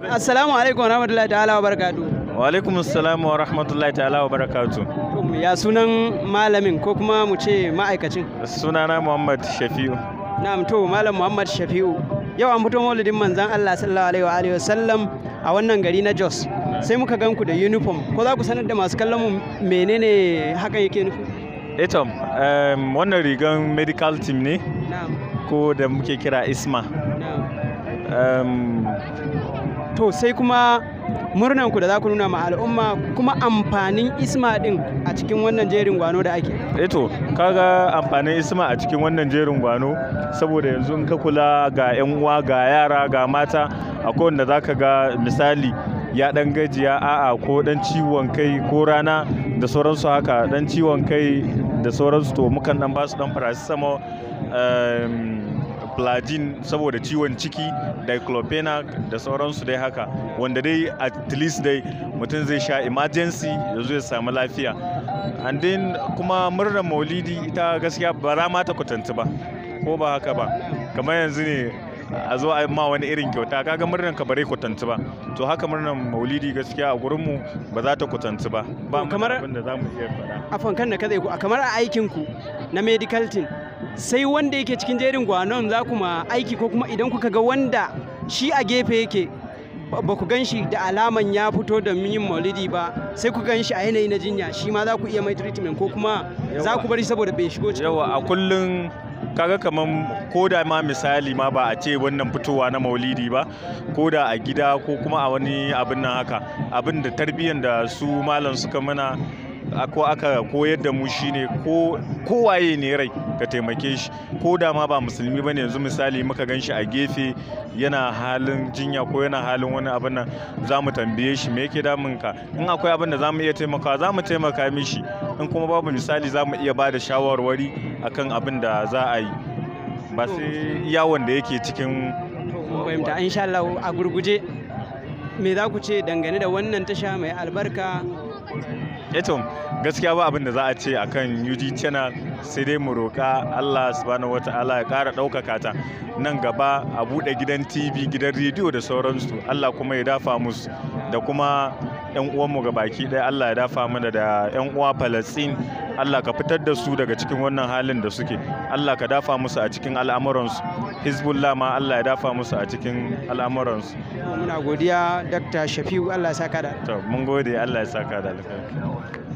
Assalamu alaikum wa rahmatullahi ta'ala wa barakatu. Wa alaikum assalamu wa rahmatullahi ta'ala wa barakatu. Ya sunan malamin ko kuma mu ce ma'aikacin? Sunana Muhammad Shafi'u. Na'am to malam Muhammad Shafi'u. Yau an fito maulidin manzan Allah sallallahu alaihi wa alihi wasallam a wannan gari na Jos. Sai muka gan ku da uniform. Ko za ku sanar da masu kallon mu menene hakan yake nufi? Etom, eh, wannan rigan medical team ne? Ko da muke kira Isma. to sai kuma murnan ku da za ku nuna ma al'umma kuma amfanin isma din a cikin wannan jerin gwano da ake eto eh kaga amfanin isma a cikin wannan jerin gwano saboda yanzu in ka kula ga yan uwa ga yara ga mata akwai wanda za ka ga misali ya dan gajiya a'a ko dan ciwon kai ko rana da sauransu haka dan ciwon kai da sauransu to mukan dan basu dan paracetamol um, flagyl saboda ciwon ciki diclofenac da sauransu dai haka wanda dai at least dai mutum zai sha emergency ya zo ya samu lafiya and then kuma murnar maulidi ita gaskiya ba za ta kwatanta ba ko ba haka ba kamar yanzu ne a zo a ma wani irin kyauta kaga murnar ka bare kwatanta ba to haka murnar maulidi gaskiya a gurin mu ba za ta kwatanta ba ba kamar abin da zamu iya faɗa afan kan kadai ku kamar a aikin ku na medical team sai wanda yake cikin jerin gwanon za kuma aiki ko kuma idan kuka ga wanda shi a gefe yake ba ku gan shi da alaman ya fito da yin maulidi ba sai ku gan shi a yanayi na jinya shi ma za ku iya mai treatment ko kuma za ku bari saboda bai shigo cikin yawa a kullum kaga kaman ko da ma misali ma ba a ce wannan fitowa na maulidi ba ko da a gida ko kuma a wani abin nan haka abin da tarbiyyar da su malam suka mana ko aka koyar da mu shine ko kowaye ne rai ka taimake shi ko da ma ba musulmi bane yanzu misali muka gan shi a gefe yana halin jinya ko yana halin wani abin nan za mu tambaye shi me yake damun ka in akwai abin da za mu iya taimakawa za mu taimaka mishi in kuma babu misali za mu iya ba da shawarwari akan abin da za a yi ba sai yawon da yake cikin fahimta insha Allah a gurguje me za ku ce dangane da wannan tasha mai albarka eto eh gaskiya ba abin da za a ce akan UG channel sai dai mu roƙa Allah subhanahu wata'ala ya ƙara ɗaukaka ta nan gaba a buɗe gidan TV gidan rediyo da sauransu Allah kuma ya dafa musu da kuma 'yan uwanmu ga baki ɗaya Allah ya dafa mana da 'yan uwa Palestine Allah ka fitar da su daga cikin wannan halin da suke Allah ka dafa musu a cikin al'amuransu Hizbullah ma Allah ya dafa musu a cikin al'amuransu muna godiya Dr. Shafiu Allah ya saka da to mun gode Allah ya saka da alkhairi